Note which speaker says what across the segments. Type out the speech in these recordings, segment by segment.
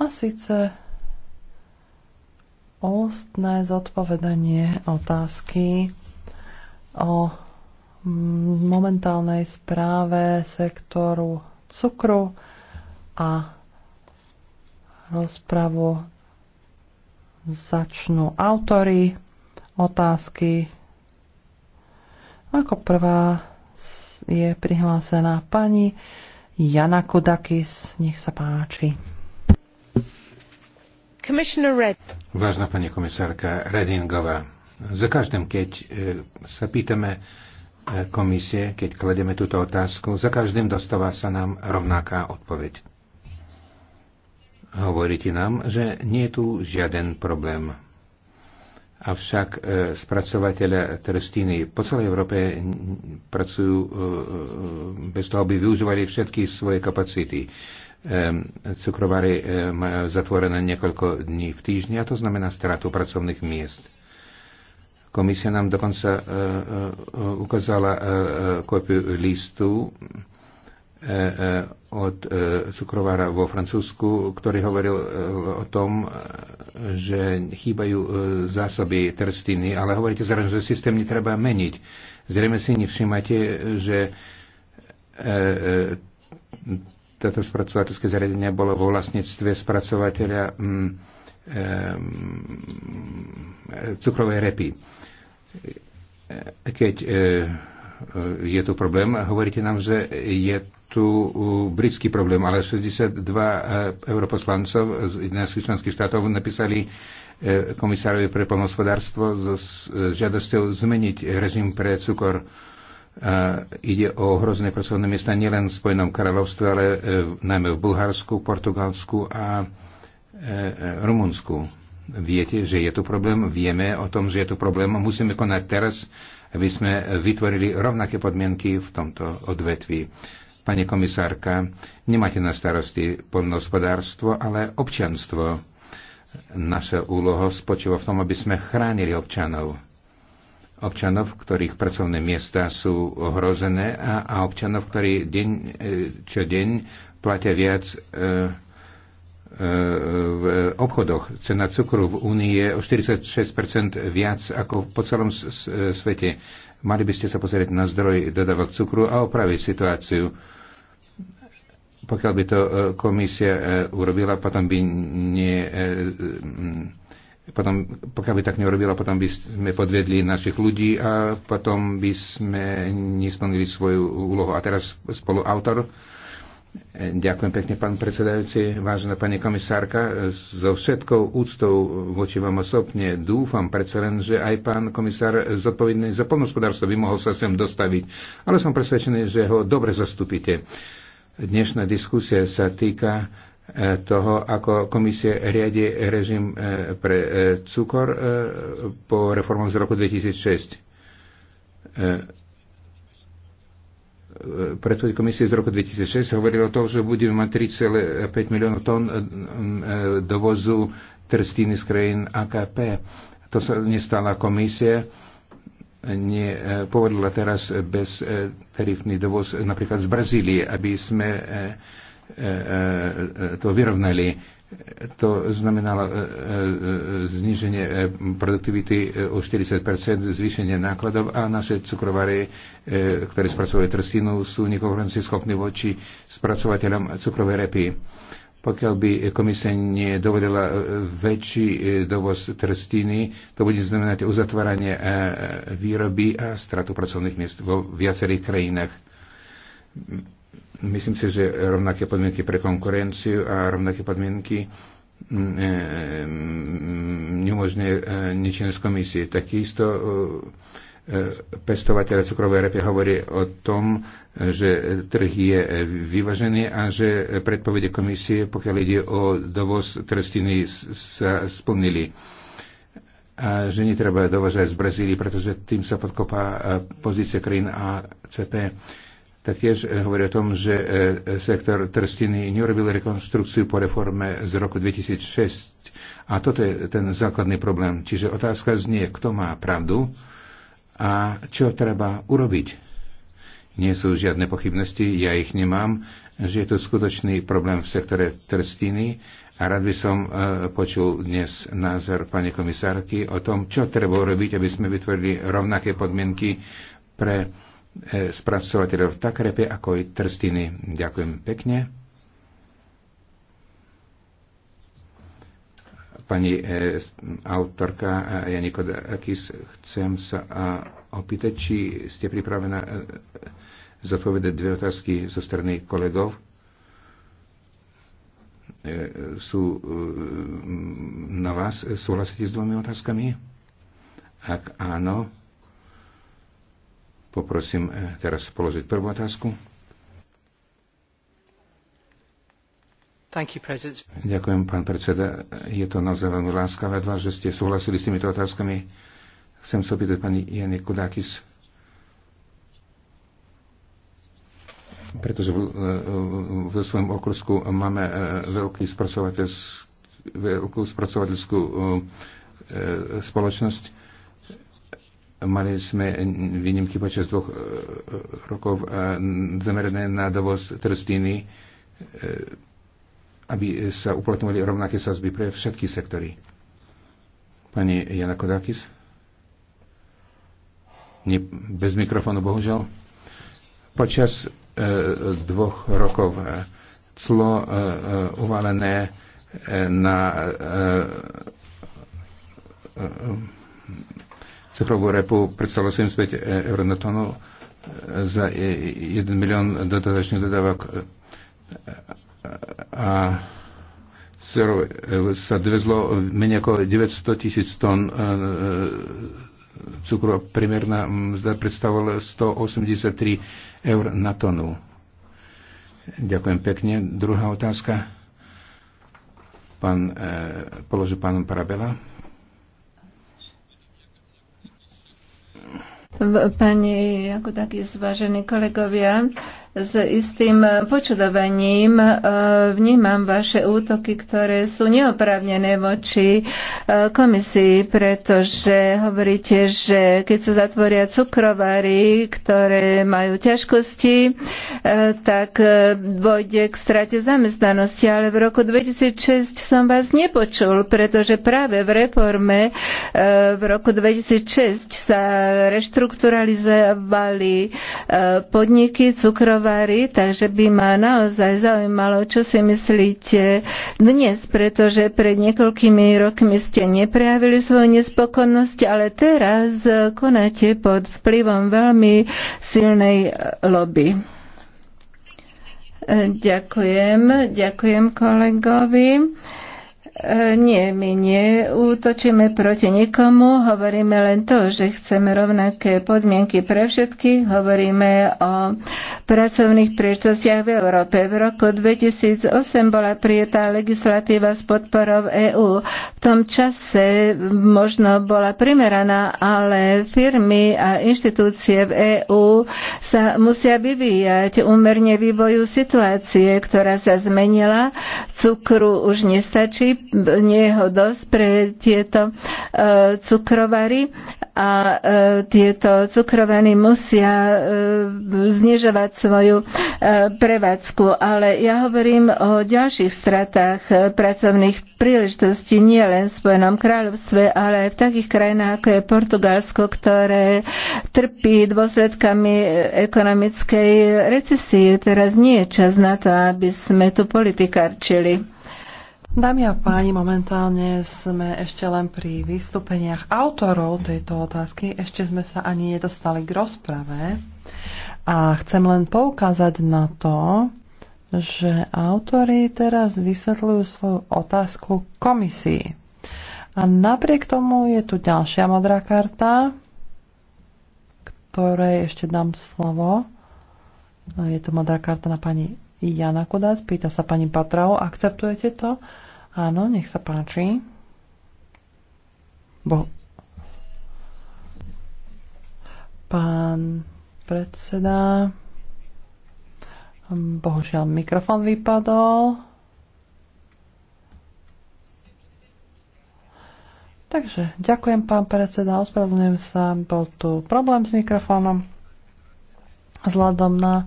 Speaker 1: a síce ústne zodpovedanie otázky o momentálnej správe sektoru cukru a rozpravu začnú autory otázky. Ako prvá je prihlásená pani Jana Kudakis. Nech sa páči.
Speaker 2: Vážna pani komisárka Redingová, za každým, keď e, sa pýtame e, komisie, keď klademe túto otázku, za každým dostáva sa nám rovnaká odpoveď. Hovoríte nám, že nie je tu žiaden problém. Avšak e, spracovateľe trstiny po celej Európe pracujú bez toho, aby využívali všetky svoje kapacity cukrovary majú zatvorené niekoľko dní v týždni a to znamená stratu pracovných miest. Komisia nám dokonca e, e, ukázala e, kopiu listu od cukrovára vo Francúzsku, ktorý hovoril o tom, že chýbajú zásoby trstiny, ale hovoríte zároveň, že systém netreba meniť. Zrejme si nevšimáte, že toto spracovateľské zariadenie bolo vo vlastníctve spracovateľa mm, e, cukrovej repy. E, keď e, e, je tu problém, hovoríte nám, že je tu britský problém, ale 62 e, europoslancov z 11 členských štátov napísali komisárovi pre pomospodárstvo s žiadosťou zmeniť režim pre cukor Ide o hrozné pracovné miesta nielen v Spojenom kráľovstve, ale e, najmä v Bulharsku, Portugalsku a e, e, Rumunsku. Viete, že je tu problém, vieme o tom, že je tu problém a musíme konať teraz, aby sme vytvorili rovnaké podmienky v tomto odvetví. Pani komisárka, nemáte na starosti poľnohospodárstvo, ale občanstvo. Naša úloha spočíva v tom, aby sme chránili občanov občanov, ktorých pracovné miesta sú ohrozené a, a občanov, ktorí deň, e, čo deň platia viac e, e, v obchodoch. Cena cukru v Únii je o 46 viac ako po celom svete. Mali by ste sa pozrieť na zdroj dodávok cukru a opraviť situáciu. Pokiaľ by to e, komisia e, urobila, potom by e, potom, pokiaľ by tak neurobila, potom by sme podvedli našich ľudí a potom by sme nesplnili svoju úlohu. A teraz spoluautor. Ďakujem pekne, pán predsedajúci, vážená pani komisárka. So všetkou úctou voči vám osobne dúfam predsa len, že aj pán komisár zodpovedný za plnospodárstvo by mohol sa sem dostaviť, ale som presvedčený, že ho dobre zastupíte. Dnešná diskusia sa týka E, toho, ako komisie riadi režim e, pre e, cukor po reformách z roku 2006. Preto komisie z roku 2006 hovorilo o tom, že budeme mať 3,5 miliónov tón dovozu trstiny z krajín AKP. To sa nestala komisie nie povedala teraz bez tarifný dovoz napríklad z Brazílie, aby sme E, e, e, to vyrovnali. To znamenalo zniženie produktivity o 40 zvýšenie nákladov a naše cukrovary, ktoré spracovajú trstinu, sú nekonkurencieschopní voči spracovateľom cukrovej repy. Pokiaľ by komisia nedovolila väčší dovoz trstiny, to bude znamenať uzatváranie výroby a stratu pracovných miest vo viacerých krajinách Myslím si, že rovnaké podmienky pre konkurenciu a rovnaké podmienky mm, e, mm, neumožňuje nečinnosť komisie. Takisto e, e, pestovateľ cukrovej repy hovorí o tom, že trh je vyvažený a že predpovede komisie, pokiaľ ide o dovoz trstiny, sa splnili. A že netreba dovažať z Brazílii, pretože tým sa podkopá pozícia krajín ACP. CP Taktiež eh, hovorí o tom, že eh, sektor trstiny neurobil rekonstrukciu po reforme z roku 2006. A toto je ten základný problém. Čiže otázka znie, kto má pravdu a čo treba urobiť. Nie sú žiadne pochybnosti, ja ich nemám, že je to skutočný problém v sektore trstiny a rád by som eh, počul dnes názor pani komisárky o tom, čo treba urobiť, aby sme vytvorili rovnaké podmienky pre E, spracovateľov Takrepe, ako aj Trstiny. Ďakujem pekne. Pani e, autorka e, Janiko Dakis, chcem sa a, e, opýtať, či ste pripravená e, zodpovedať dve otázky zo strany kolegov. E, sú e, na vás, súhlasíte s dvomi otázkami? Ak áno, Poprosím eh, teraz položiť prvú otázku. Thank You, Ďakujem, pán predseda. Je to naozaj veľmi láskavé dva, že ste súhlasili s týmito otázkami. Chcem sa opýtať pani Jany Kudákis, pretože v, eh, v, v svojom okrsku máme eh, veľký spracovateľ, veľkú spracovateľskú spoločnosť Mali sme výnimky počas dvoch e, rokov e, zamerané na dovoz trstiny, e, aby sa uplatňovali rovnaké sazby pre všetky sektory. Pani Jana Kodakis? Nie, bez mikrofónu, bohužiaľ. Počas dvoch rokov clo uvalené na cukrovú repu predstavilo 75 e, eur na tonu e, za 1 e, milion dodatočných dodávok a sa dovezlo menej ako 900 tisíc ton cukru. Primerná mzda predstavovala 183 eur na tonu. Ďakujem pekne. Druhá otázka. Pán, položil pánom Parabela.
Speaker 3: Pani, ako takí zvážení kolegovia, s istým počudovaním e, vnímam vaše útoky, ktoré sú neoprávnené voči e, komisii, pretože hovoríte, že keď sa zatvoria cukrovary, ktoré majú ťažkosti, e, tak dôjde k strate zamestnanosti. Ale v roku 2006 som vás nepočul, pretože práve v reforme v roku 2006 sa reštrukturalizovali podniky cukrovary, tovary, takže by ma naozaj zaujímalo, čo si myslíte dnes, pretože pred niekoľkými rokmi ste neprejavili svoju nespokojnosť, ale teraz konáte pod vplyvom veľmi silnej lobby. Ďakujem, ďakujem kolegovi. E, nie, my neútočíme proti nikomu, hovoríme len to, že chceme rovnaké podmienky pre všetkých, hovoríme o pracovných príležitostiach v Európe. V roku 2008 bola prijatá legislatíva s podporou EÚ. V tom čase možno bola primeraná, ale firmy a inštitúcie v EÚ sa musia vyvíjať úmerne vývoju situácie, ktorá sa zmenila. Cukru už nestačí, dosť pre tieto e, cukrovary a e, tieto cukrovany musia e, znižovať svoju prevádzku. Ale ja hovorím o ďalších stratách pracovných príležitostí len v Spojenom kráľovstve, ale aj v takých krajinách, ako je Portugalsko, ktoré trpí dôsledkami ekonomickej recesie. Teraz nie je čas na to, aby sme tu politikarčili.
Speaker 1: Dámy a páni, momentálne sme ešte len pri vystúpeniach autorov tejto otázky. Ešte sme sa ani nedostali k rozprave. A chcem len poukázať na to, že autory teraz vysvetľujú svoju otázku komisii. A napriek tomu je tu ďalšia modrá karta, ktorej ešte dám slovo. Je to modrá karta na pani Jana Kodás, Pýta sa pani Patrao, akceptujete to? Áno, nech sa páči. Bo... Pán predseda... Bohužiaľ, mikrofon vypadol. Takže, ďakujem pán predseda, ospravedlňujem sa, bol tu problém s mikrofónom. Vzhľadom na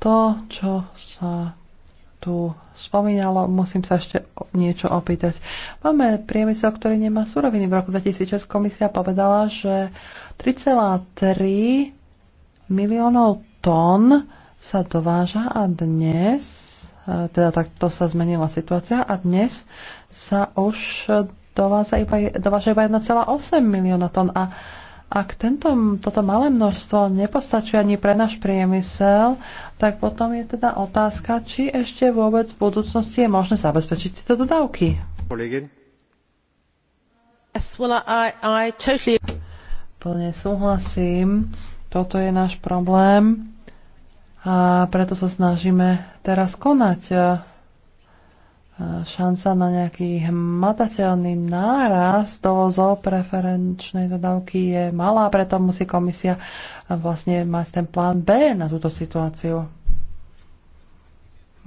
Speaker 1: to, čo sa tu spomínalo, musím sa ešte niečo opýtať. Máme priemysel, ktorý nemá suroviny. V roku 2006 komisia povedala, že 3,3 miliónov tón sa dováža a dnes, e, teda takto sa zmenila situácia a dnes sa už dováža iba, dováža iba 1,8 milióna tón a ak tento, toto malé množstvo nepostačuje ani pre náš priemysel, tak potom je teda otázka, či ešte vôbec v budúcnosti je možné zabezpečiť tieto dodávky.
Speaker 4: Yes, well, I, I totally...
Speaker 1: Plne súhlasím. Toto je náš problém a preto sa snažíme teraz konať šanca na nejaký hmatateľný náraz zo preferenčnej dodávky je malá, preto musí komisia vlastne mať ten plán B na túto situáciu.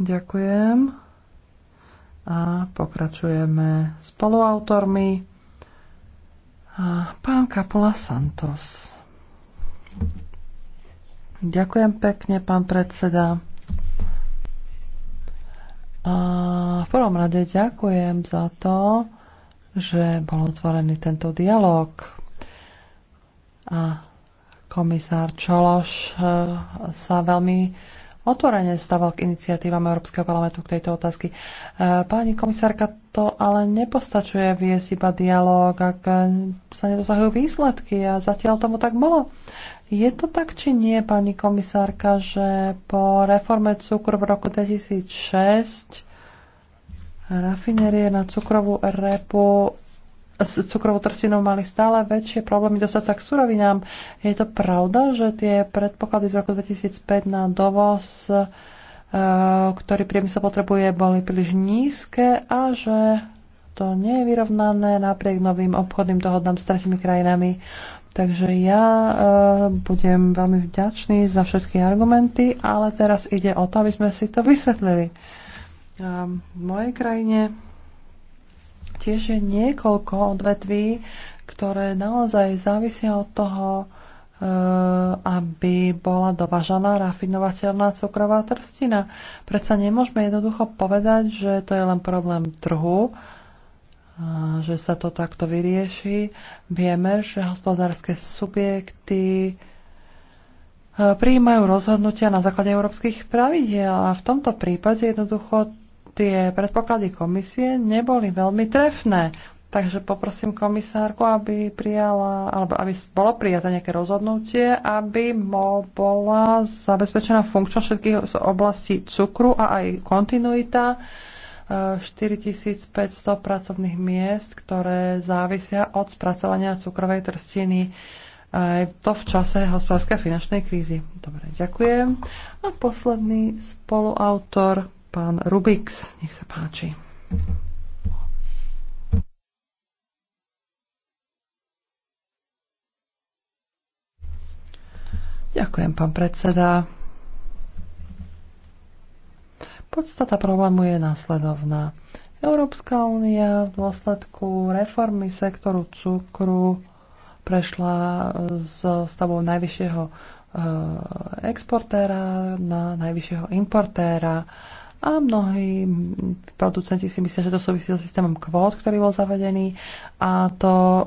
Speaker 1: Ďakujem. A pokračujeme spoluautormi. A pán Kapola Santos. Ďakujem pekne, pán predseda. A v prvom rade ďakujem za to, že bol otvorený tento dialog. A komisár Čološ eh, sa veľmi otvorene stával k iniciatívam Európskeho parlamentu k tejto otázky. E, pani komisárka, to ale nepostačuje viesť iba dialog, ak e, sa nedosahujú výsledky a zatiaľ tomu tak bolo. Je to tak, či nie, pani komisárka, že po reforme cukru v roku 2006 rafinerie na cukrovú repu cukrovú cukrovotrstinou mali stále väčšie problémy dostať sa k surovinám. Je to pravda, že tie predpoklady z roku 2005 na dovoz, e, ktorý priemysel potrebuje, boli príliš nízke a že to nie je vyrovnané napriek novým obchodným dohodám s tretimi krajinami. Takže ja e, budem veľmi vďačný za všetky argumenty, ale teraz ide o to, aby sme si to vysvetlili. E, v mojej krajine tiež je niekoľko odvetví, ktoré naozaj závisia od toho, eh, aby bola dovažaná rafinovateľná cukrová trstina. Predsa nemôžeme jednoducho povedať, že to je len problém trhu, eh, že sa to takto vyrieši. Vieme, že hospodárske subjekty eh, prijímajú rozhodnutia na základe európskych pravidiel a v tomto prípade jednoducho tie predpoklady komisie neboli veľmi trefné. Takže poprosím komisárku, aby prijala, alebo aby bolo prijaté nejaké rozhodnutie, aby bola zabezpečená funkčnosť všetkých z oblasti cukru a aj kontinuita 4500 eh, pracovných miest, ktoré závisia od spracovania cukrovej trstiny. Aj eh, to v čase hospodárskej a finančnej krízy. Dobre, ďakujem. A posledný spoluautor Pán Rubix, nech sa páči. Ďakujem, pán predseda. Podstata problému je následovná. Európska únia v dôsledku reformy sektoru cukru prešla so e, stavou najvyššieho e, exportéra na najvyššieho importéra a mnohí producenti si myslia, že to súvisí so systémom kvót, ktorý bol zavedený a to uh,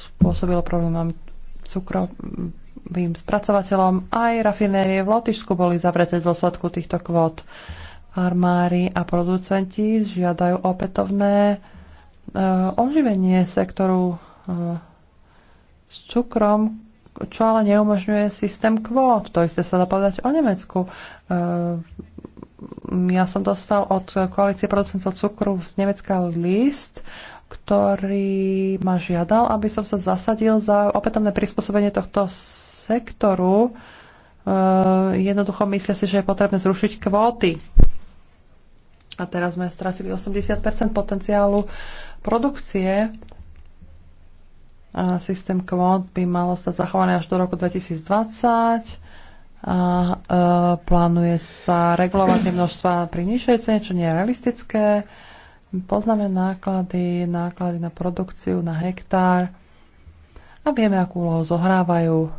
Speaker 1: spôsobilo problémami cukrovým spracovateľom. Aj rafinérie v Lotyšsku boli zavreté v dôsledku týchto kvót. Armári a producenti žiadajú opätovné uh, oživenie sektoru uh, s cukrom, čo ale neumožňuje systém kvót. To isté sa dá povedať o Nemecku ja som dostal od koalície producentov cukru z Nemecka list, ktorý ma žiadal, aby som sa zasadil za opätovné prispôsobenie tohto sektoru. E, jednoducho myslia si, že je potrebné zrušiť kvóty. A teraz sme stratili 80 potenciálu produkcie. A systém kvót by malo sa zachované až do roku 2020 a e, plánuje sa regulovať množstva pri nižšej cene, čo nie je realistické. Poznáme náklady, náklady na produkciu, na hektár a vieme, akú úlohu zohrávajú.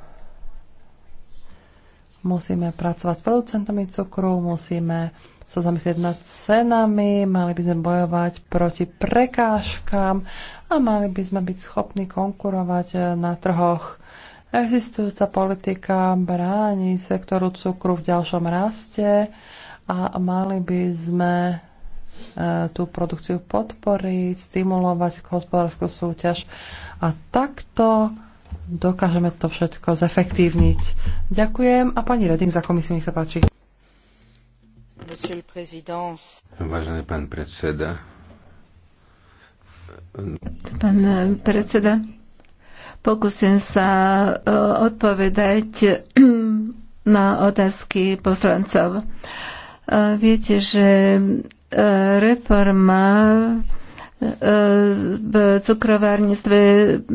Speaker 1: Musíme pracovať s producentami cukru, musíme sa zamyslieť nad cenami, mali by sme bojovať proti prekážkám a mali by sme byť schopní konkurovať eh, na trhoch Existujúca politika bráni sektoru cukru v ďalšom raste a mali by sme e, tú produkciu podporiť, stimulovať hospodárskú súťaž a takto dokážeme to všetko zefektívniť. Ďakujem a pani Reding za komisiu, nech sa páči.
Speaker 2: Vážený pán predseda.
Speaker 3: Pán e, predseda, Pokúsim sa e, odpovedať na otázky poslancov. E, viete, že e, reforma v cukrovárnictve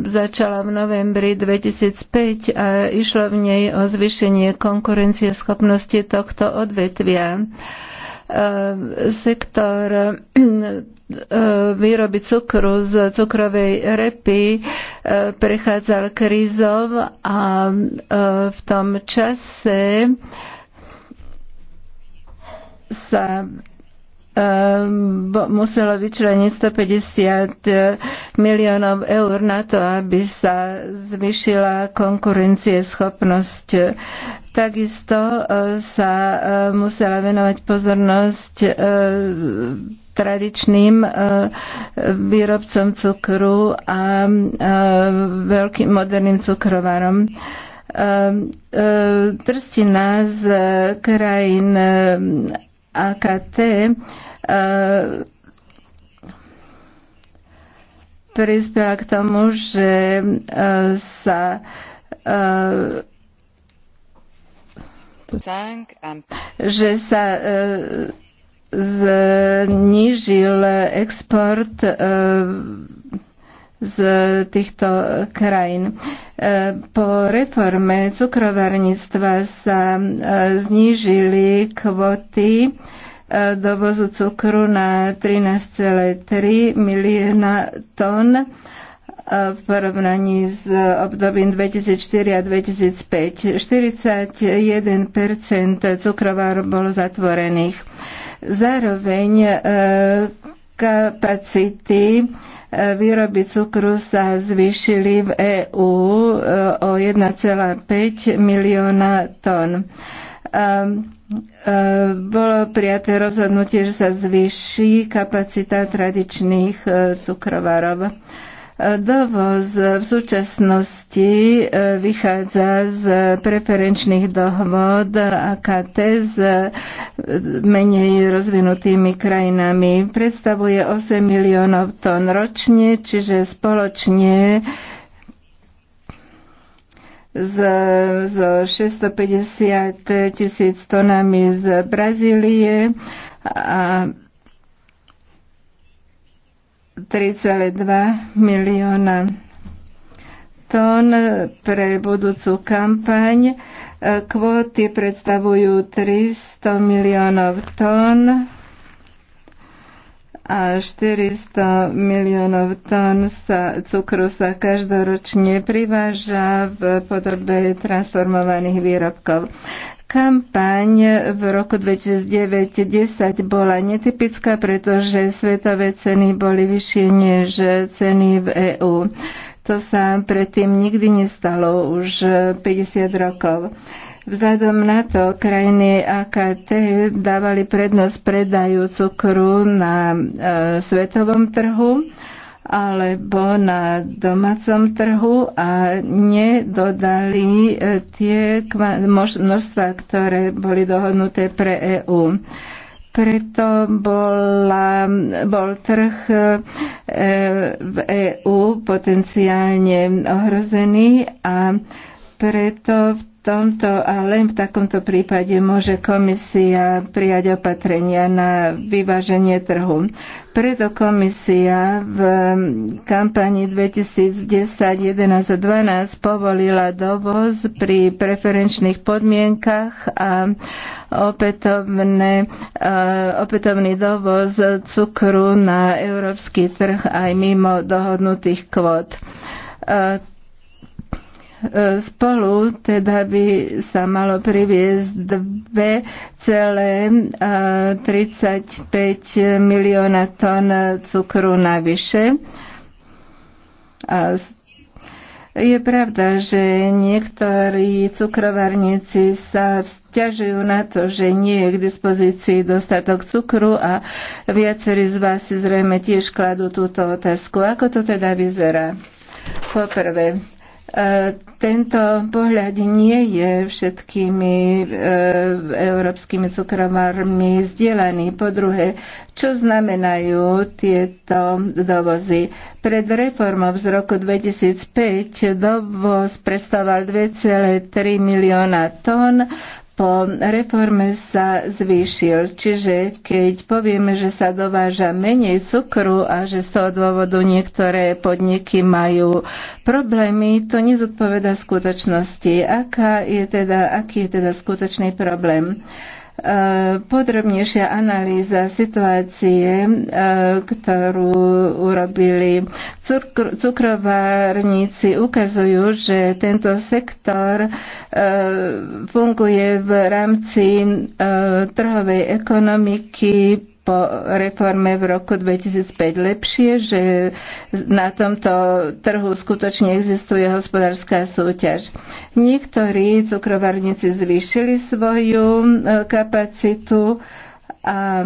Speaker 3: začala v novembri 2005 a išlo v nej o zvýšenie konkurencieschopnosti tohto odvetvia. Sektor E, výroby cukru z cukrovej repy e, prechádzal krízov a e, v tom čase sa muselo vyčleniť 150 miliónov eur na to, aby sa zvyšila schopnosť. Takisto sa musela venovať pozornosť tradičným e, výrobcom cukru a e, veľkým moderným cukrovarom trstina e, z krajín AKT prispela k tomu, že sa že sa znižil export e, z týchto krajín. E, po reforme cukrovarníctva sa e, znížili kvoty dovozu cukru na 13,3 milióna tón v porovnaní s obdobím 2004 a 2005. 41% cukrovárov bolo zatvorených. Zároveň e, kapacity e, výroby cukru sa zvýšili v EÚ e, o 1,5 milióna tón. Bolo prijaté rozhodnutie, že sa zvýši kapacita tradičných cukrovarov. Dovoz v súčasnosti e, vychádza z preferenčných dohod AKT s e, menej rozvinutými krajinami. Predstavuje 8 miliónov tón ročne, čiže spoločne z s 650 tisíc tonami z Brazílie a 3,2 milióna tón pre budúcu kampaň. E, kvóty predstavujú 300 miliónov tón a 400 miliónov tón sa, cukru sa každoročne priváža v podobe transformovaných výrobkov. Kampaň v roku 2009 2010 bola netypická, pretože svetové ceny boli vyššie než ceny v EÚ. To sa predtým nikdy nestalo už 50 rokov. Vzhľadom na to krajiny AKT dávali prednosť predaju cukru na e, svetovom trhu alebo na domácom trhu a nedodali e, tie množstva, ktoré boli dohodnuté pre EÚ. Preto bola, bol trh e, v EÚ potenciálne ohrozený a preto v tomto a len v takomto prípade môže komisia prijať opatrenia na vyváženie trhu. Preto komisia v um, kampani 2010, 11 a 12 povolila dovoz pri preferenčných podmienkach a opätovné, uh, opätovný dovoz cukru na európsky trh aj mimo dohodnutých kvót uh, Spolu teda by sa malo priviesť 2,35 eh, milióna tón cukru navyše. A je pravda, že niektorí cukrovarníci sa vzťažujú na to, že nie je k dispozícii dostatok cukru a viacerí z vás si zrejme tiež kladú túto otázku. Ako to teda vyzerá? Poprvé, E, tento pohľad nie je všetkými e, európskymi cukrovármi zdieľaný. Po druhé, čo znamenajú tieto dovozy. Pred reformou z roku 2005 dovoz predstavoval 2,3 milióna tón, po reforme sa zvýšil. Čiže keď povieme, že sa dováža menej cukru a že z toho dôvodu niektoré podniky majú problémy, to nezodpoveda skutočnosti. Aká je teda, aký je teda skutočný problém? podrobnejšia analýza situácie, e, ktorú urobili cukrovárnici, ukazujú, že tento sektor e, funguje v rámci e, trhovej ekonomiky po reforme v roku 2005 lepšie, že na tomto trhu skutočne existuje hospodárska súťaž. Niektorí cukrovarníci zvýšili svoju e, kapacitu, a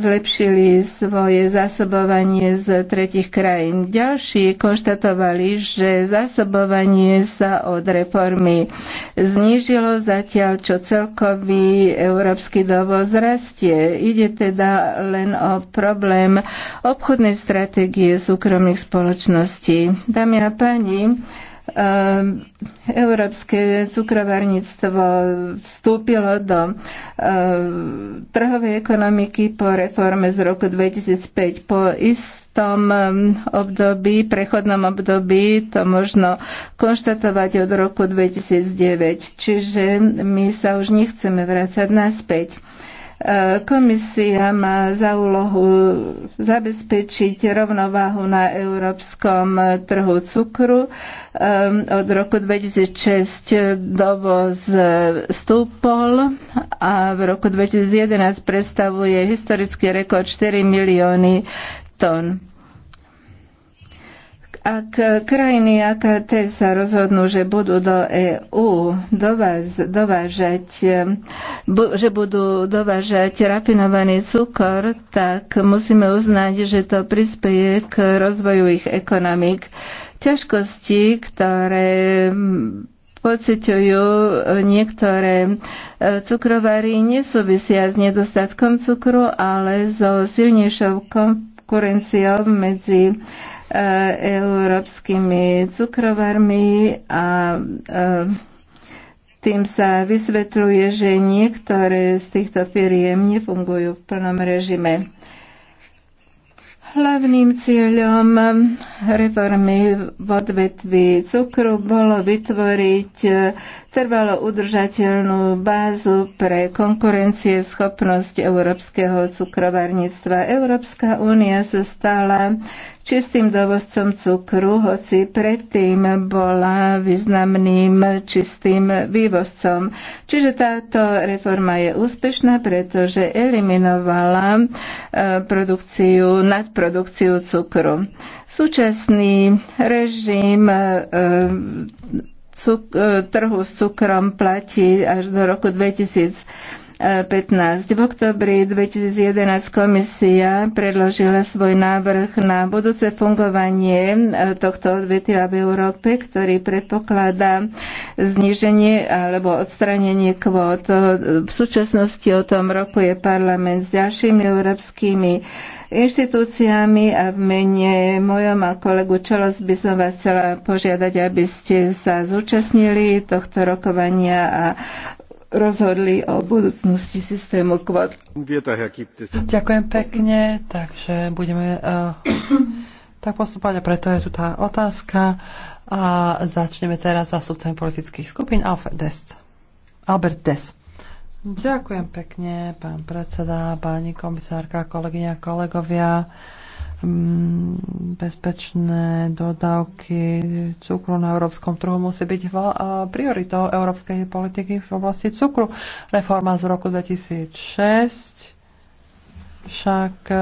Speaker 3: zlepšili svoje zásobovanie z tretich krajín. Ďalší konštatovali, že zásobovanie sa od reformy znížilo zatiaľ, čo celkový európsky dovoz rastie. Ide teda len o problém obchodnej stratégie súkromných spoločností. Dámy a páni, Ehm, európske cukrovarníctvo vstúpilo do ehm, trhovej ekonomiky po reforme z roku 2005. Po istom ehm, období, prechodnom období, to možno konštatovať od roku 2009. Čiže my sa už nechceme vrácať naspäť. Komisia má za úlohu zabezpečiť rovnováhu na európskom trhu cukru. Ehm, od roku 2006 dovoz stúpol a v roku 2011 predstavuje historický rekord 4 milióny tón. Ak krajiny tie sa rozhodnú, že budú do EÚ dovážať, bu, že budú dovážať rafinovaný cukor, tak musíme uznať, že to prispieje k rozvoju ich ekonomik. Ťažkosti, ktoré pociťujú niektoré e, cukrovary, nesúvisia s nedostatkom cukru, ale so silnejšou konkurenciou medzi E, európskymi cukrovarmi a e, tým sa vysvetľuje, že niektoré z týchto firiem nefungujú v plnom režime. Hlavným cieľom reformy v odvetvi cukru bolo vytvoriť trvalo udržateľnú bázu pre konkurencie schopnosť európskeho cukrovarníctva. Európska únia sa stala čistým dovozcom cukru, hoci predtým bola významným čistým vývozcom. Čiže táto reforma je úspešná, pretože eliminovala e, produkciu, nadprodukciu cukru. Súčasný režim e, e, trhu s cukrom platí až do roku 2000 15. V oktobri 2011 komisia predložila svoj návrh na budúce fungovanie e, tohto odvetvia v Európe, ktorý predpokladá zníženie alebo odstranenie kvót. E, v súčasnosti o tom roku je parlament s ďalšími európskymi inštitúciami a v mene mojom a kolegu Čelos by som vás chcela požiadať, aby ste sa zúčastnili tohto rokovania a rozhodli o budúcnosti systému kvot. Ďakujem pekne, takže budeme uh,
Speaker 1: tak postupovať a preto je tu tá otázka. A začneme teraz za subcem politických skupín Alfred Dest. Albert Des. Ďakujem pekne, pán predseda, pani komisárka, kolegyňa, kolegovia. Mm, bezpečné dodávky cukru na európskom trhu musí byť prioritou európskej politiky v oblasti cukru. Reforma z roku 2006 však e,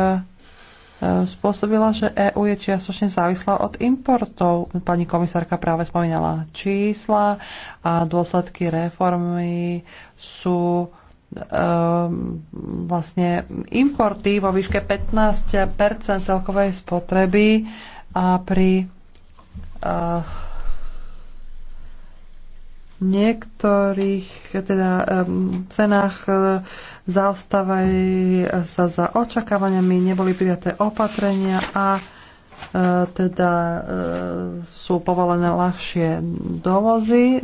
Speaker 1: spôsobila, že EÚ je čiastočne závislá od importov. Pani komisárka práve spomínala čísla a dôsledky reformy sú Ehm, vlastne importy vo výške 15 celkovej spotreby a pri uh, niektorých teda, um, cenách uh, zaostávajú sa za očakávaniami, neboli prijaté opatrenia a E, teda e, sú povolené ľahšie dovozy.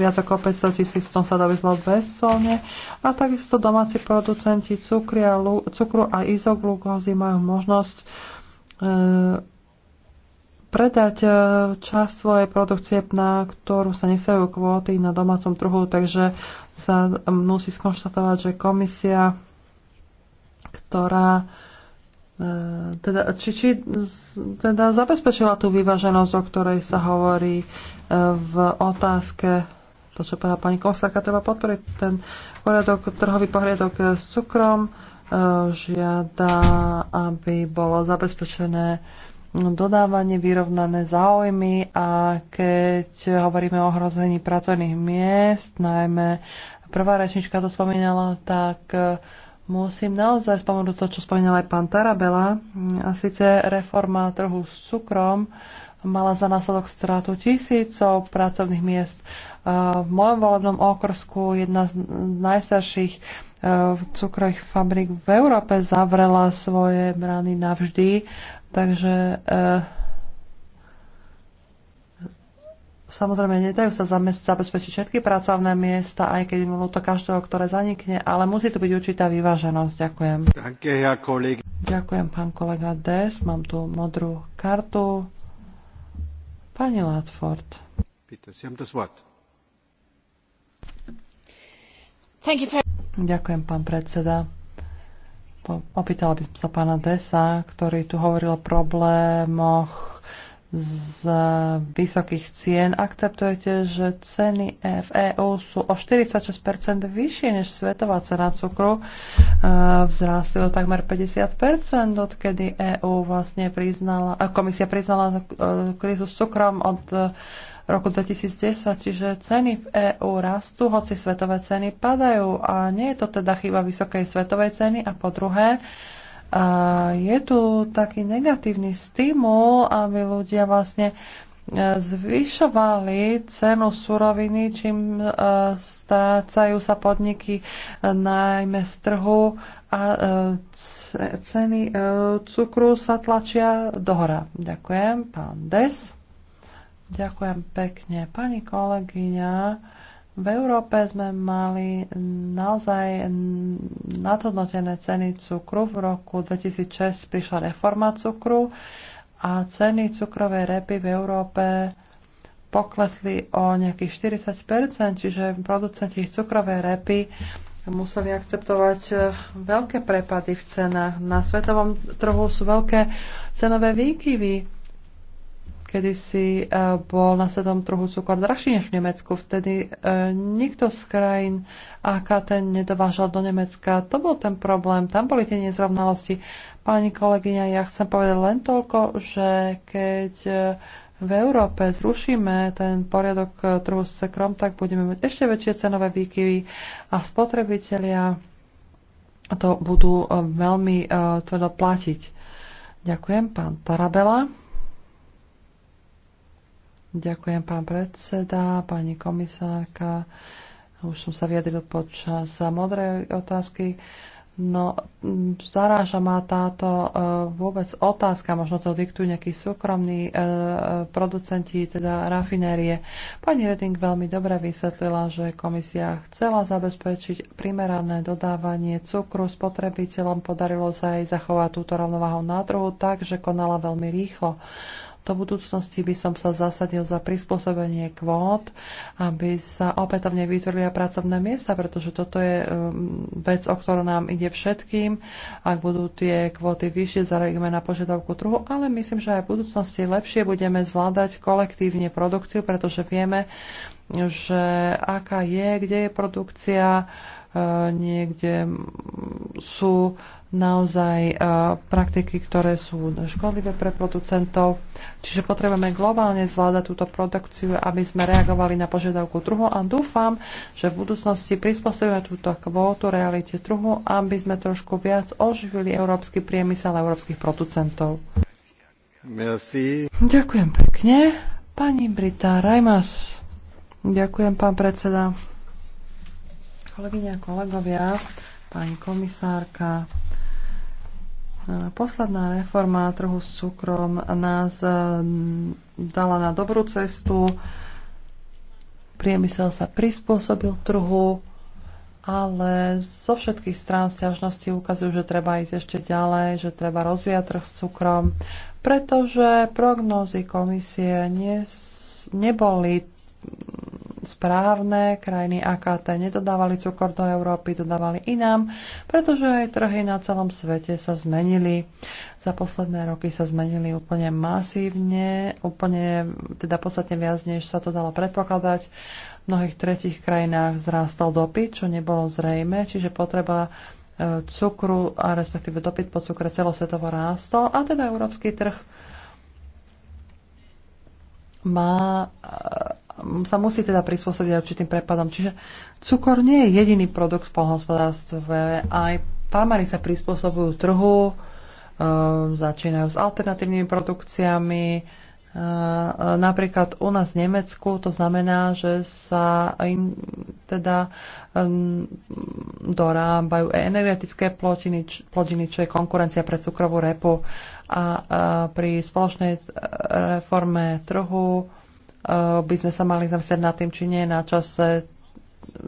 Speaker 1: Viac ako 500 tisíc tón sa dovezlo bezcolne a takisto domáci producenti cukru a, cukru a izoglukózy majú možnosť e, predať časť svojej produkcie, na ktorú sa nesajú kvóty na domácom trhu, takže sa musí skonštatovať, že komisia, ktorá E, teda, či, či teda zabezpečila tú vyváženosť, o ktorej sa hovorí e, v otázke, to čo povedala pani Kosaka, treba podporiť ten poriadok, trhový poriadok s cukrom, e, žiada, aby bolo zabezpečené dodávanie, vyrovnané záujmy a keď hovoríme o ohrození pracovných miest, najmä prvá rečnička to spomínala, tak Musím naozaj spomenúť to, čo spomínal aj pán Tarabela, a síce reforma trhu s cukrom mala za následok stratu tisícov pracovných miest. V mojom volebnom okrsku jedna z najstarších e, cukrových fabrik v Európe zavrela svoje brany navždy, takže e, Samozrejme, nedajú sa zabezpečiť všetky pracovné miesta, aj keď im to každého, ktoré zanikne, ale musí tu byť určitá vyváženosť. Ďakujem. Ďakujem, pán kolega Des. Mám tu modrú kartu. Pani Latford. Ďakujem, pán predseda. Opýtala by som sa pána Desa, ktorý tu hovoril o problémoch z vysokých cien. Akceptujete, že ceny e- v EU sú o 46 vyššie než svetová cena cukru. E, Vzrástli o takmer 50 odkedy EU vlastne priznala, e, komisia priznala krízu s cukrom od roku 2010, čiže ceny v EÚ rastú, hoci svetové ceny padajú a nie je to teda chyba vysokej svetovej ceny a po druhé, a je tu taký negatívny stimul, aby ľudia vlastne e, zvyšovali cenu suroviny, čím e, strácajú sa podniky e, najmä z trhu a ceny cukru sa tlačia dohora. Ďakujem, pán Des. Ďakujem pekne, pani kolegyňa. V Európe sme mali naozaj nadhodnotené ceny cukru. V roku 2006 prišla reforma cukru a ceny cukrovej repy v Európe poklesli o nejakých 40%, čiže producenti cukrovej repy museli akceptovať veľké prepady v cenách. Na svetovom trhu sú veľké cenové výkyvy kedysi eh, bol na svetom trhu cukor drahší než v Nemecku. Vtedy eh, nikto z krajín AKT nedovážal do Nemecka. To bol ten problém, tam boli tie nezrovnalosti. Pani kolegyňa, ja chcem povedať len toľko, že keď eh, v Európe zrušíme ten poriadok trhu s cekrom, tak budeme mať ešte väčšie cenové výkyvy a spotrebitelia to budú veľmi tvrdo platiť. Ďakujem, pán Tarabela. Ďakujem, pán predseda, pani komisárka. Už som sa vyjadril počas modrej otázky. No, zaráža ma táto uh, vôbec otázka, možno to diktujú nejakí súkromní uh, producenti, teda rafinérie. Pani Reding veľmi dobre vysvetlila, že komisia chcela zabezpečiť primerané dodávanie cukru spotrebiteľom, podarilo sa jej zachovať túto rovnováhu na trhu, takže konala veľmi rýchlo. Do budúcnosti by som sa zasadil za prispôsobenie kvót, aby sa opätovne vytvorili pracovné miesta, pretože toto je um, vec, o ktorú nám ide všetkým. Ak budú tie kvóty vyššie, zareagujeme na požiadavku trhu, ale myslím, že aj v budúcnosti lepšie budeme zvládať kolektívne produkciu, pretože vieme, že aká je, kde je produkcia, uh, niekde sú naozaj e, praktiky, ktoré sú škodlivé pre producentov. Čiže potrebujeme globálne zvládať túto produkciu, aby sme reagovali na požiadavku trhu a dúfam, že v budúcnosti prispôsobíme túto kvótu realite trhu, aby sme trošku viac oživili európsky priemysel a európskych producentov.
Speaker 4: Merci.
Speaker 1: Ďakujem pekne. Pani Brita Rajmas. Ďakujem, pán predseda. Kolegyne a kolegovia, pani komisárka. Posledná reforma trhu s cukrom nás mm, dala na dobrú cestu. Priemysel sa prispôsobil trhu, ale zo všetkých strán stiažnosti ukazujú, že treba ísť ešte ďalej, že treba rozvíjať trh s cukrom, pretože prognózy komisie nie, neboli správne. Krajiny AKT nedodávali cukor do Európy, dodávali inám, pretože aj trhy na celom svete sa zmenili. Za posledné roky sa zmenili úplne masívne, úplne teda podstatne viac, než sa to dalo predpokladať. V mnohých tretich krajinách zrástol dopyt, čo nebolo zrejme, čiže potreba e, cukru a respektíve dopyt po cukre celosvetovo rástol a teda európsky trh má e, sa musí teda prispôsobiť aj určitým prepadom. Čiže cukor nie je jediný produkt v polnohospodárstve. Aj farmári sa prispôsobujú trhu, e, začínajú s alternatívnymi produkciami. E, napríklad u nás v Nemecku to znamená, že sa im teda dorábajú energetické plodiny, plodiny, čo je konkurencia pre cukrovú repu. A e, pri spoločnej reforme trhu Eh, by sme sa mali zamyslieť nad tým, či nie je na čase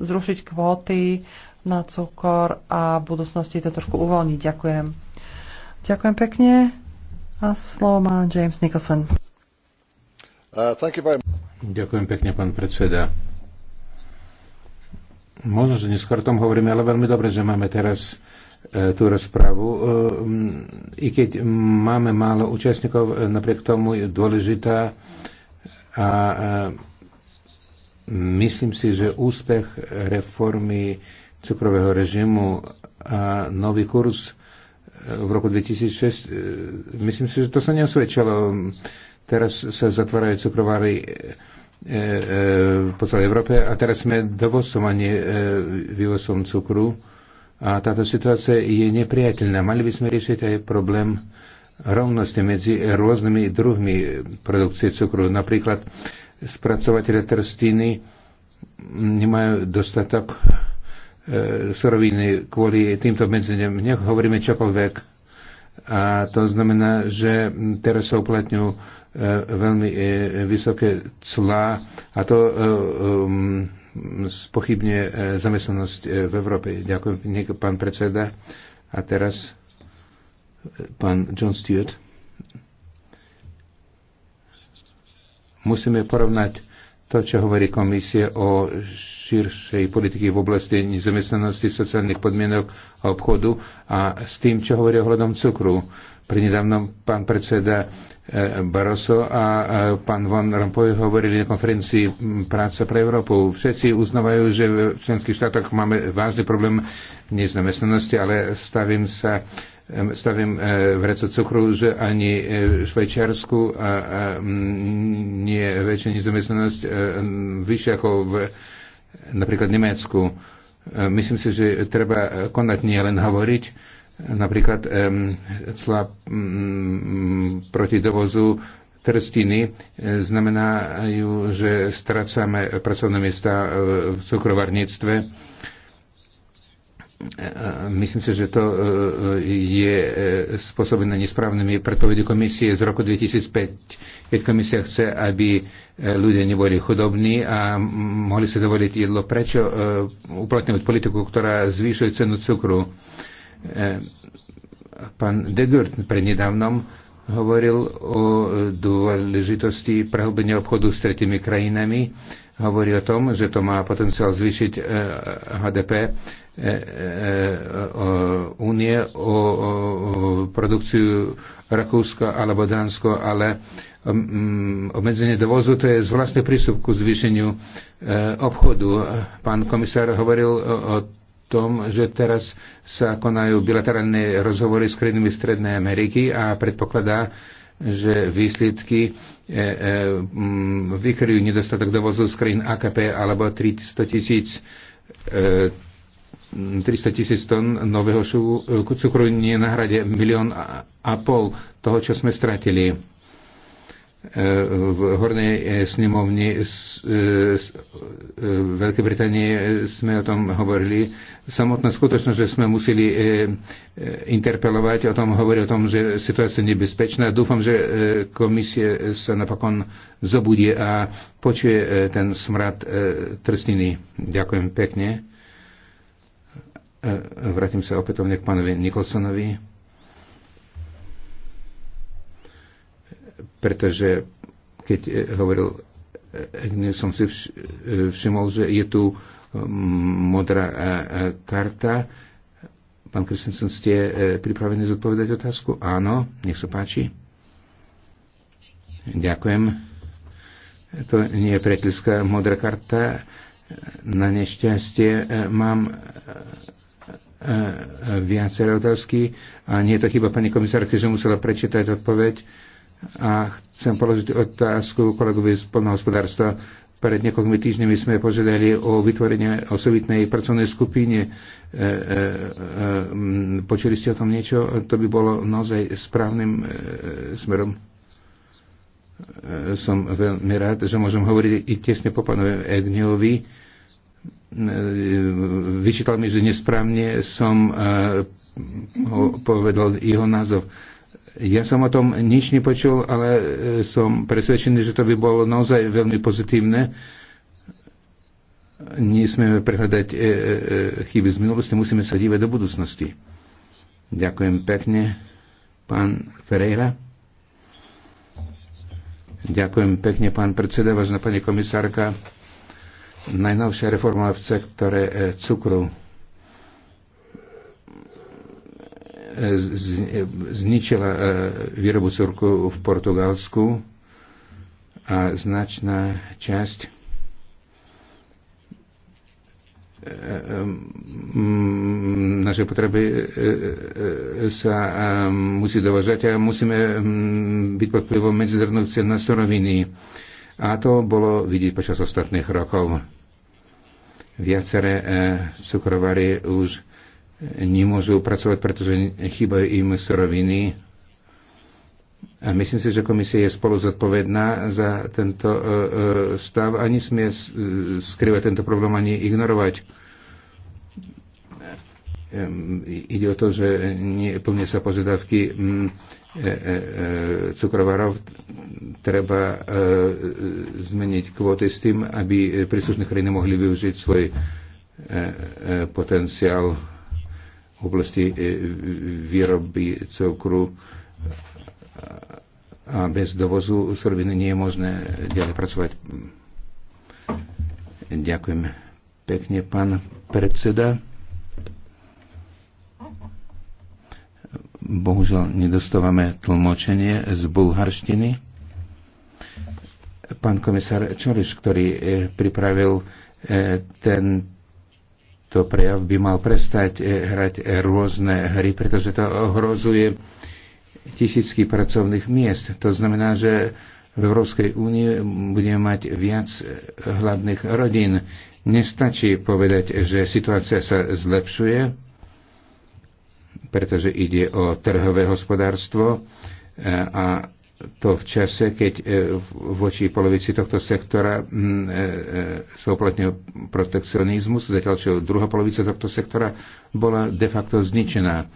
Speaker 1: zrušiť kvóty na cukor a v budúcnosti to trošku uvoľniť. Ďakujem. Ďakujem pekne. A slovo má James Nicholson.
Speaker 2: Uh, you Ďakujem pekne, pán predseda. Možno, že neskôr o tom hovoríme, ale veľmi dobre, že máme teraz eh, tú rozpravu. Eh, I keď máme málo účastníkov, napriek tomu je dôležitá a e, myslím si, že úspech reformy cukrového režimu a nový kurz e, v roku 2006, e, myslím si, že to sa neosvedčalo. Teraz sa zatvárajú cukrovary po celej Európe a teraz sme dovozom a nie vývozom cukru. A táto situácia je nepriateľná. Mali by sme riešiť aj problém rovnosti medzi rôznymi druhmi produkcie cukru. Napríklad spracovateľe trstiny nemajú dostatok e, suroviny kvôli týmto obmedzeniam. Nech hovoríme čokoľvek. A to znamená, že teraz sa uplatňujú e, veľmi e, vysoké clá a to e, e, e, zamestnanosť e, v Európe. Ďakujem, pán predseda. A teraz Pán John Stewart. Musíme porovnať to, čo hovorí komisie o širšej politike v oblasti nezamestnanosti, sociálnych podmienok a obchodu a s tým, čo hovorí o hľadom cukru. Prednedávnom pán predseda eh, Barroso a pán Von Rompuy hovorili na konferencii Práca pre Európu. Všetci uznávajú, že v členských štátoch máme vážny problém nezamestnanosti, ale stavím sa stavím e, vreco cukru, že ani e, v Švajčiarsku a, a nie je väčšia nezamestnanosť e, vyššia ako v napríklad Nemecku. Myslím si, že treba konať, nie len hovoriť. Napríklad cla proti dovozu trstiny znamenajú, že strácame pracovné miesta v cukrovarníctve E, e, myslím si, že to e, je spôsobené nesprávnymi predpovedi komisie z roku 2005, keď komisia chce, aby ľudia neboli chudobní a mohli si dovoliť jedlo. Prečo uplatňovať politiku, ktorá zvýšuje cenu cukru? Pán Degurt prednedávnom hovoril o dôležitosti prehlbenia obchodu s tretimi krajinami, hovorí o tom, že to má potenciál zvýšiť HDP únie e, e, o produkciu Rakúsko alebo Dánsko, ale obmedzenie dovozu to je zvláštny prístup ku zvýšeniu e, obchodu. Pán komisár hovoril o tom, že teraz sa konajú bilaterálne rozhovory s krajinami Strednej Ameriky a predpokladá, že výsledky vykryjú nedostatok dovozu z krajín AKP alebo 300 tisíc 300 tisíc tón nového e, cukru nie na hrade milión a pol toho, čo sme stratili. E, v hornej e, snemovni Veľkej Británii sme o tom hovorili. Samotná skutočnosť, že sme museli interpelovať, o tom hovorí o tom, že situácia je nebezpečná. Dúfam, že komisie sa napokon zobudie a počuje ten smrad trstiny. Ďakujem pekne. E, vrátim sa opätovne k pánovi Nikolsonovi, pretože keď e, hovoril, e, som si všimol, že je tu modrá karta. Pán Kristensen, ste pripravení zodpovedať otázku? Áno, nech sa páči. Ďakujem. To nie je priateľská modrá karta. Na nešťastie mám E, e, viaceré otázky a nie je to chyba pani komisárky, že musela prečítať odpoveď a chcem položiť otázku kolegovi z polnohospodárstva. Pred niekoľkými týždňami sme požiadali o vytvorenie osobitnej pracovnej skupiny. E, e, e, počuli ste o tom niečo? To by bolo naozaj správnym e, smerom. E, som veľmi rád, že môžem hovoriť i tesne po pánovi Egniovi E, vyčítal mi, že nesprávne som e, povedal jeho názov. Ja som o tom nič nepočul, ale e, som presvedčený, že to by bolo naozaj veľmi pozitívne. Nesmieme prehľadať chyby z minulosti, musíme sa dívať do budúcnosti. Ďakujem pekne, pán Ferreira. Ďakujem pekne, pán predseda, vážna pani komisárka. Najnovšia reforma v sektore e, cukru e, zničila e, výrobu cukru v Portugalsku a značná časť naše potreby sa musí dovažať a musíme byť pod vplyvom medzinárodných cien na suroviny. A to bolo vidieť počas ostatných rokov. Viaceré e, cukrovary už nemôžu pracovať, pretože chýbajú im suroviny. A myslím si, že komisia je spolu zodpovedná za tento e, e, stav a nesmie skrývať tento problém ani ignorovať. Ide o to, že neplnia sa požiadavky E, e, e, cukrovarov treba zmeniť kvóty s tým, aby príslušné krajiny mohli využiť svoj potenciál v oblasti výroby cukru a bez dovozu suroviny nie je možné ďalej pracovať. Ďakujem pekne, pán predseda. bohužiaľ nedostávame tlmočenie z bulharštiny. Pán komisár Čoriš, ktorý e, pripravil e, tento prejav, by mal prestať e, hrať rôzne hry, pretože to ohrozuje tisícky pracovných miest. To znamená, že v Európskej únii budeme mať viac hladných rodín. Nestačí povedať, že situácia sa zlepšuje, pretože ide o trhové hospodárstvo e, a to v čase, keď e, voči polovici tohto sektora e, sa uplatnil protekcionizmus, zatiaľ čo druhá polovica tohto sektora bola de facto zničená.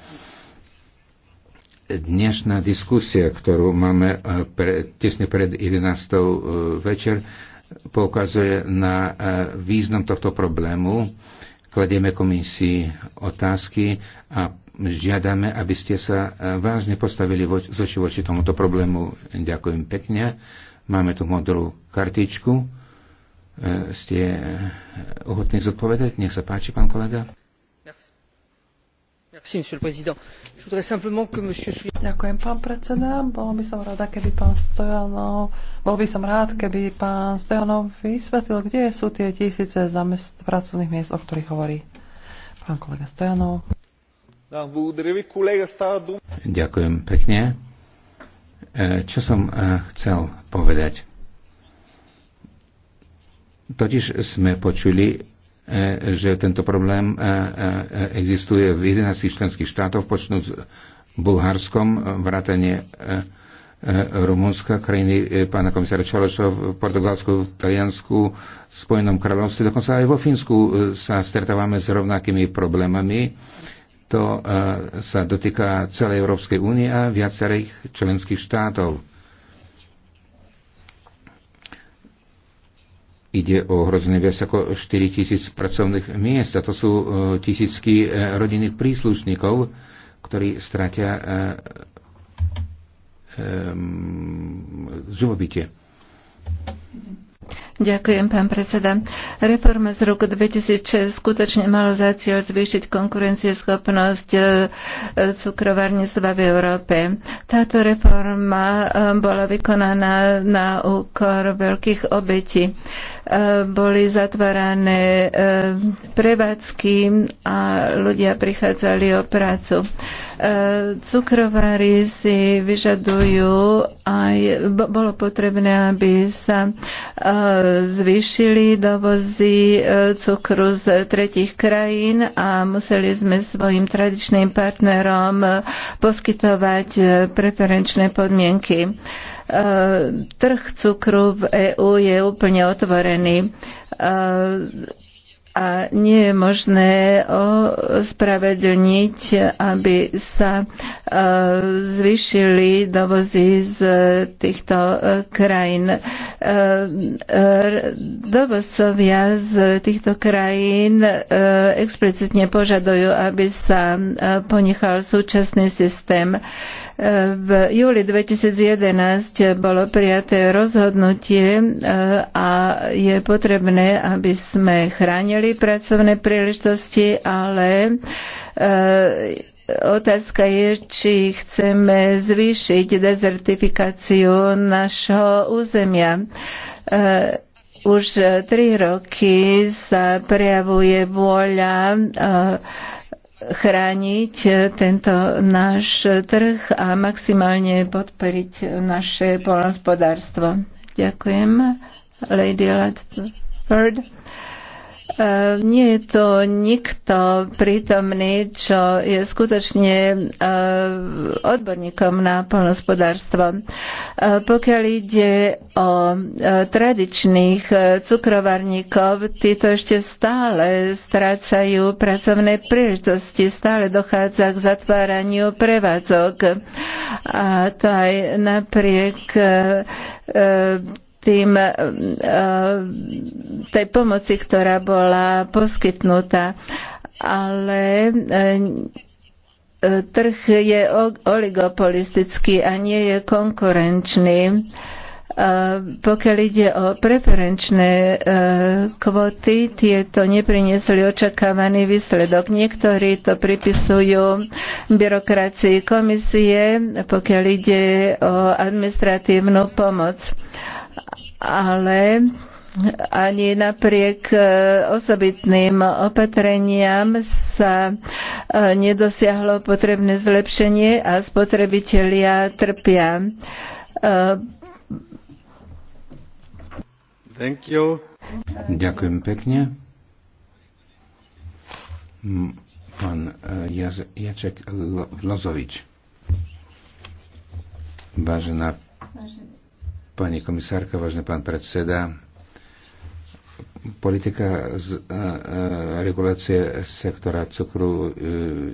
Speaker 2: Dnešná diskusia, ktorú máme pre, tesne pred 11. večer, poukazuje na význam tohto problému. Kladieme komisii otázky a žiadame, aby ste sa e, vážne postavili voč, zoči voči tomuto problému. Ďakujem pekne. Máme tu modrú kartičku. E, ste e, ochotní zodpovedať? Nech sa páči, pán kolega.
Speaker 1: Ďakujem, pán predseda. Bolo by som rada, keby pán Stojanov, bol by som rád, keby pán Stojanov vysvetlil, kde sú tie tisíce pracovných miest, o ktorých hovorí pán kolega Stojanov.
Speaker 2: Ďakujem pekne. Čo som chcel povedať? Totiž sme počuli, že tento problém existuje v 11 členských štátoch, počnúť s Bulharskom, vrátanie Rumunska, krajiny pána komisára Čološa v Portugalsku, v Taliansku, v Spojenom kráľovstve, dokonca aj vo Fínsku sa stretávame s rovnakými problémami to e, sa dotýka celej Európskej únie a viacerých členských štátov. Ide o hrozne viac ako 4 tisíc pracovných miest a to sú e, tisícky e, rodinných príslušníkov, ktorí stratia živobytie.
Speaker 3: Ďakujem, pán predseda. Reforma z roku 2006 skutočne malo za cieľ zvýšiť konkurencieschopnosť e, cukrovarníctva v Európe. Táto reforma e, bola vykonaná na úkor veľkých obetí. E, boli zatvárané prevádzky a ľudia prichádzali o prácu. Cukrovári si vyžadujú aj, bolo potrebné, aby sa zvýšili dovozy e, cukru z tretich krajín a museli sme svojim tradičným partnerom e, poskytovať e, preferenčné podmienky. Trh cukru v EÚ je úplne otvorený a nie je možné ospravedlniť, aby sa zvýšili dovozy z týchto e, krajín. E, e, dovozcovia z týchto krajín explicitne požadujú, aby sa ponechal súčasný systém. V júli 2011 bolo prijaté rozhodnutie a je potrebné, aby sme chránili pracovné príležitosti, ale Otázka je, či chceme zvýšiť dezertifikáciu našho územia. Eh, už tri roky sa prejavuje vôľa eh, chrániť tento náš trh a maximálne podporiť naše polnospodárstvo. Ďakujem. Lady Ledford. Ehm, nie je tu nikto prítomný, čo je skutočne ehm, odborníkom na polnospodárstvo. Ehm, pokiaľ ide o tradičných cukrovarníkov, títo ešte stále strácajú pracovné príležitosti, stále dochádza k zatváraniu prevádzok. A to aj napriek tým, eh, eh, tej pomoci, ktorá bola poskytnutá. Ale eh, trh je oligopolistický a nie je konkurenčný. Pokiaľ ide o preferenčné kvóty, tieto nepriniesli očakávaný výsledok. Niektorí to pripisujú byrokracii komisie, pokiaľ ide o administratívnu pomoc ale ani napriek e, osobitným opatreniam sa e, nedosiahlo potrebné zlepšenie a spotrebitelia trpia. E,
Speaker 4: Thank you.
Speaker 2: Ďakujem pekne. Pán Jaček Lozovič. Vážená Pani komisárka, vážny pán predseda, politika z, a, a, regulácie sektora cukru e,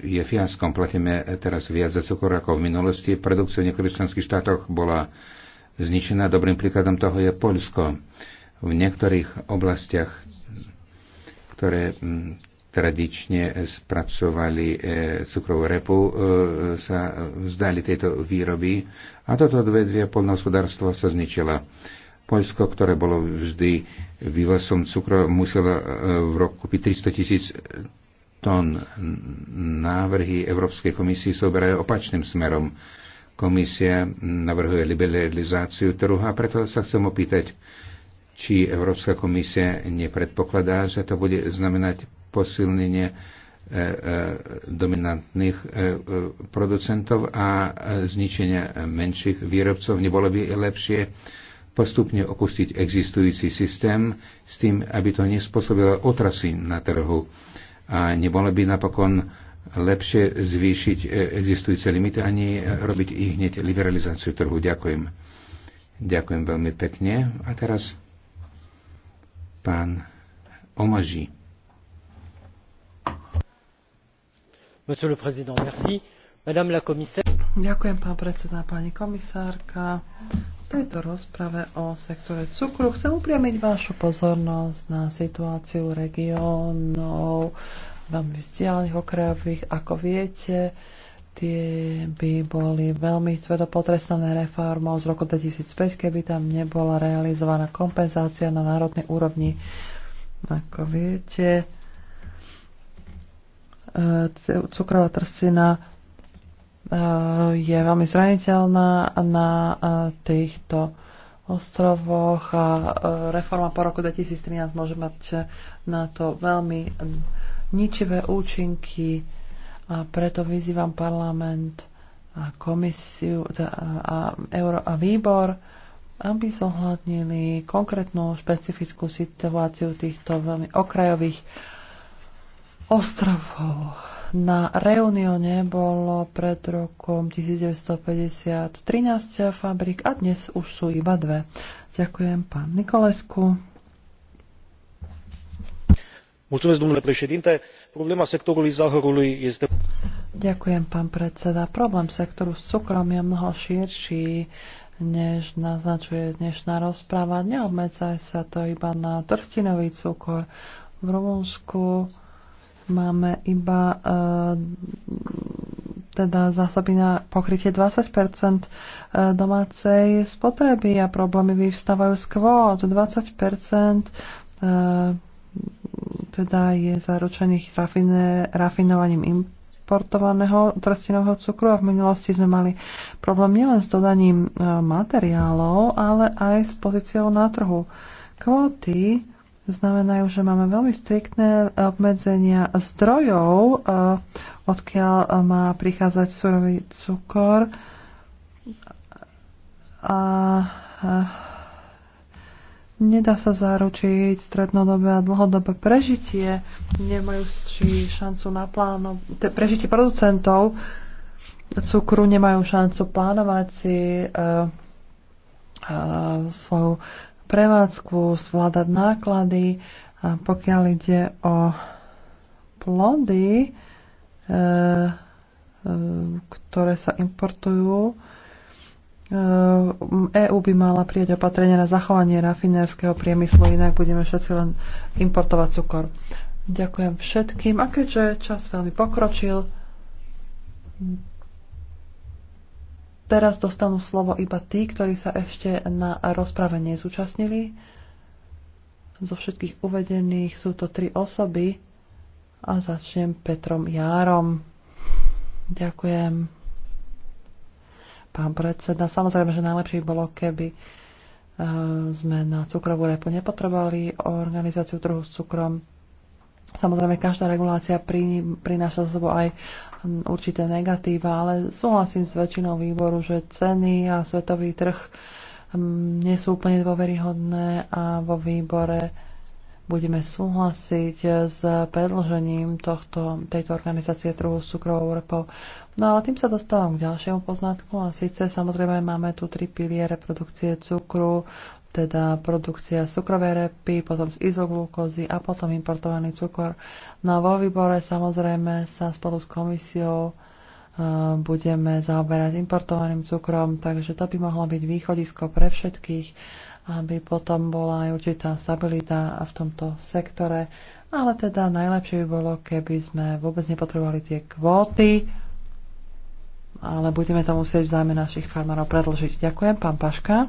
Speaker 2: je fiaskom. Platíme teraz viac za cukor ako v minulosti. Produkcia v niektorých členských štátoch bola zničená. Dobrým príkladom toho je Polsko. V niektorých oblastiach, ktoré tradične spracovali e, cukrovú repu, e, sa vzdali tejto výroby a toto odvedvie polnohospodárstvo sa zničilo. Poľsko, ktoré bolo vždy vývozom cukru, muselo e, v roku kúpiť 300 tisíc tón. Návrhy Európskej komisie sa oberajú opačným smerom. Komisia navrhuje liberalizáciu trhu a preto sa chcem opýtať, či Európska komisia nepredpokladá, že to bude znamenať posilnenie e, e, dominantných e, producentov a zničenia menších výrobcov. Nebolo by lepšie postupne opustiť existujúci systém s tým, aby to nespôsobilo otrasy na trhu. A nebolo by napokon lepšie zvýšiť existujúce limity ani robiť ich hneď liberalizáciu trhu. Ďakujem. Ďakujem veľmi pekne. A teraz pán Omaží.
Speaker 4: Ďakujem,
Speaker 1: pán predseda, pani komisárka. V tejto rozprave o sektore cukru chcem upriamiť vašu pozornosť na situáciu regiónov veľmi vzdialených, okrajových. Ako viete, tie by boli veľmi tvrdo potrestané reformou z roku 2005, keby tam nebola realizovaná kompenzácia na národnej úrovni. Ako viete, Eh, cukrová trstina eh, je veľmi zraniteľná na eh, týchto ostrovoch a reforma po roku 2013 môže mať na to veľmi ničivé účinky a preto vyzývam parlament a komisiu teda, a, euro, a výbor, aby zohľadnili konkrétnu špecifickú situáciu týchto veľmi okrajových ostrovov. Na Reunione bolo pred rokom 1950 13 fabrik a dnes už sú iba dve. Ďakujem pán Nikolesku.
Speaker 4: Mulțumesc, domnule președinte. Problema sectorului zahărului este...
Speaker 1: Ďakujem, pán predseda. Problém sektoru s cukrom je mnoho širší, než naznačuje dnešná rozpráva. Neobmedzaj sa to iba na trstinový cukor. V Rumunsku máme iba e, teda zásoby na pokrytie 20 e, domácej spotreby a problémy vyvstávajú z kvót. 20 teda je zaručených rafine, rafinovaním importovaného trstinového cukru a v minulosti sme mali problém nielen s dodaním e, materiálov, ale aj s pozíciou na trhu. Kvóty znamenajú, že máme veľmi striktné obmedzenia zdrojov, eh, odkiaľ eh, má prichádzať surový cukor. A eh, nedá sa zaručiť strednodobé a dlhodobé prežitie, nemajú si šancu na pláno, prežitie producentov cukru nemajú šancu plánovať si uh, uh, svoju prevádzku, zvládať náklady. A pokiaľ ide o plody, e, e, ktoré sa importujú, EÚ e by mala prijať opatrenia na zachovanie rafinérskeho priemyslu, inak budeme všetci len importovať cukor. Ďakujem všetkým a keďže čas veľmi pokročil, Teraz dostanú slovo iba tí, ktorí sa ešte na rozprave nezúčastnili. Zo všetkých uvedených sú to tri osoby a začnem Petrom Járom. Ďakujem. Pán predseda, samozrejme, že najlepšie bolo, keby e, sme na cukrovú repu nepotrebovali organizáciu trhu s cukrom. Samozrejme, každá regulácia prináša so sebou aj určité negatíva, ale súhlasím s väčšinou výboru, že ceny a svetový trh mm, nie sú úplne dôveryhodné a vo výbore budeme súhlasiť s predlžením tohto, tejto organizácie trhu s cukrovou repou. No ale tým sa dostávam k ďalšiemu poznatku a síce samozrejme máme tu tri piliere produkcie cukru, teda produkcia cukrovej repy, potom z izoglukózy a potom importovaný cukor. No a vo výbore samozrejme sa spolu s komisiou e, budeme zaoberať importovaným cukrom, takže to by mohlo byť východisko pre všetkých, aby potom bola aj určitá stabilita v tomto sektore. Ale teda najlepšie by bolo, keby sme vôbec nepotrebovali tie kvóty, ale budeme to musieť v zájme našich farmárov predlžiť. Ďakujem, pán Paška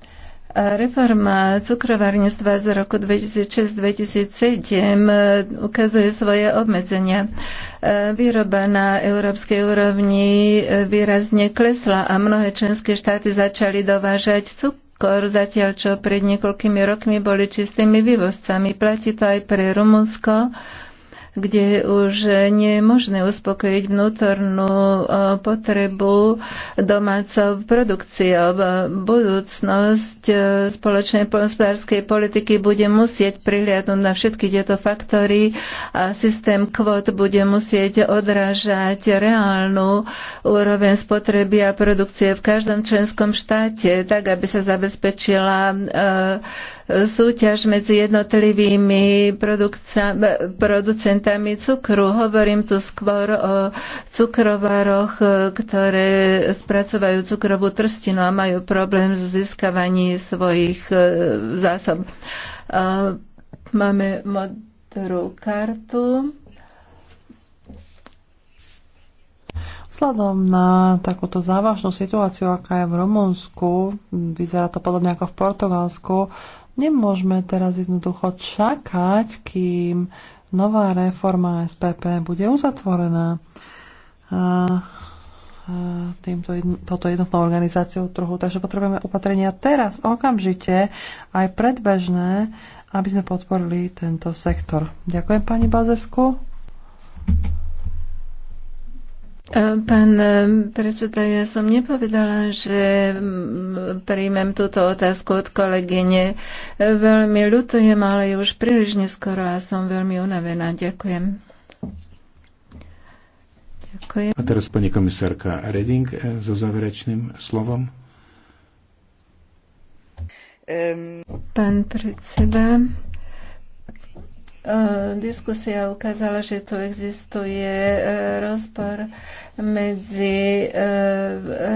Speaker 3: Reforma cukrovarníctva z roku 2006-2007 eh, ukazuje svoje obmedzenia. Eh, výroba na európskej úrovni eh, výrazne klesla a mnohé členské štáty začali dovážať cukor, zatiaľ čo pred niekoľkými rokmi boli čistými vývozcami. Platí to aj pre Rumunsko, kde už nie je možné uspokojiť vnútornú e, potrebu domácov produkciou. Budúcnosť e, spoločnej hospodárskej politiky bude musieť prihliadnúť na všetky tieto faktory a systém kvót bude musieť odrážať reálnu úroveň spotreby a produkcie v každom členskom štáte, tak aby sa zabezpečila e, súťaž medzi jednotlivými producentami cukru. Hovorím tu skôr o cukrovároch, e, ktoré spracovajú cukrovú trstinu a majú problém s získavaním svojich e, zásob. E, máme modrú kartu.
Speaker 1: Vzhľadom na takúto závažnú situáciu, aká je v Rumunsku, vyzerá to podobne ako v Portugalsku, Nemôžeme teraz jednoducho čakať, kým nová reforma SPP bude uzatvorená. A, a týmto jedno, toto jednotnou organizáciou trhu. Takže potrebujeme opatrenia teraz, okamžite, aj predbežné, aby sme podporili tento sektor. Ďakujem pani Bazesku.
Speaker 3: Ehm, pán ehm, predseda, ja som nepovedala, že mm, príjmem túto otázku od kolegyne. Ehm, veľmi ľutujem, ale je už príliš neskoro a som veľmi unavená. Ďakujem. Ďakujem.
Speaker 2: A teraz pani komisárka Reding eh, so záverečným slovom.
Speaker 3: Um... Pán predseda, Eh, diskusia ukázala, že tu existuje eh, rozpor medzi eh,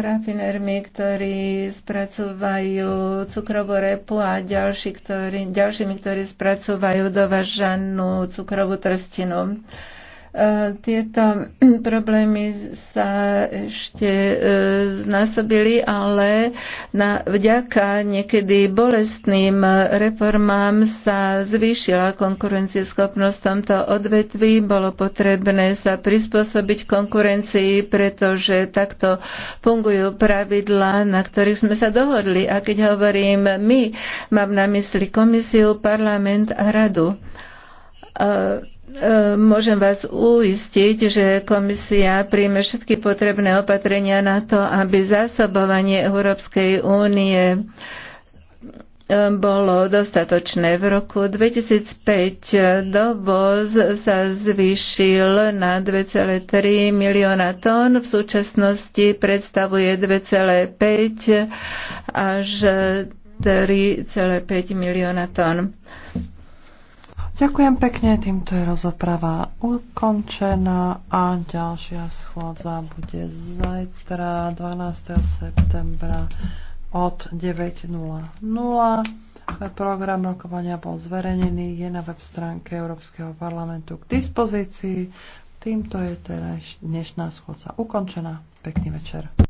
Speaker 3: rafinermi, ktorí spracovajú cukrovú repu a ďalší, ktorí, ďalšími, ktorí spracovajú dovažanú cukrovú trstinu. E, tieto problémy sa ešte e, znásobili, ale na, vďaka niekedy bolestným reformám sa zvýšila konkurencieschopnosť v tomto odvetví. Bolo potrebné sa prispôsobiť konkurencii, pretože takto fungujú pravidlá, na ktorých sme sa dohodli. A keď hovorím my, mám na mysli komisiu, parlament a radu. E, e, môžem vás uistiť, že komisia príjme všetky potrebné opatrenia na to, aby zásobovanie Európskej únie e, bolo dostatočné. V roku 2005 dovoz sa zvýšil na 2,3 milióna tón, v súčasnosti predstavuje 2,5 až 3,5 milióna tón.
Speaker 1: Ďakujem pekne, týmto je rozoprava ukončená a ďalšia schôdza bude zajtra 12. septembra od 9.00. Program rokovania bol zverejnený, je na web stránke Európskeho parlamentu k dispozícii. Týmto je teraz dnešná schôdza ukončená. Pekný večer.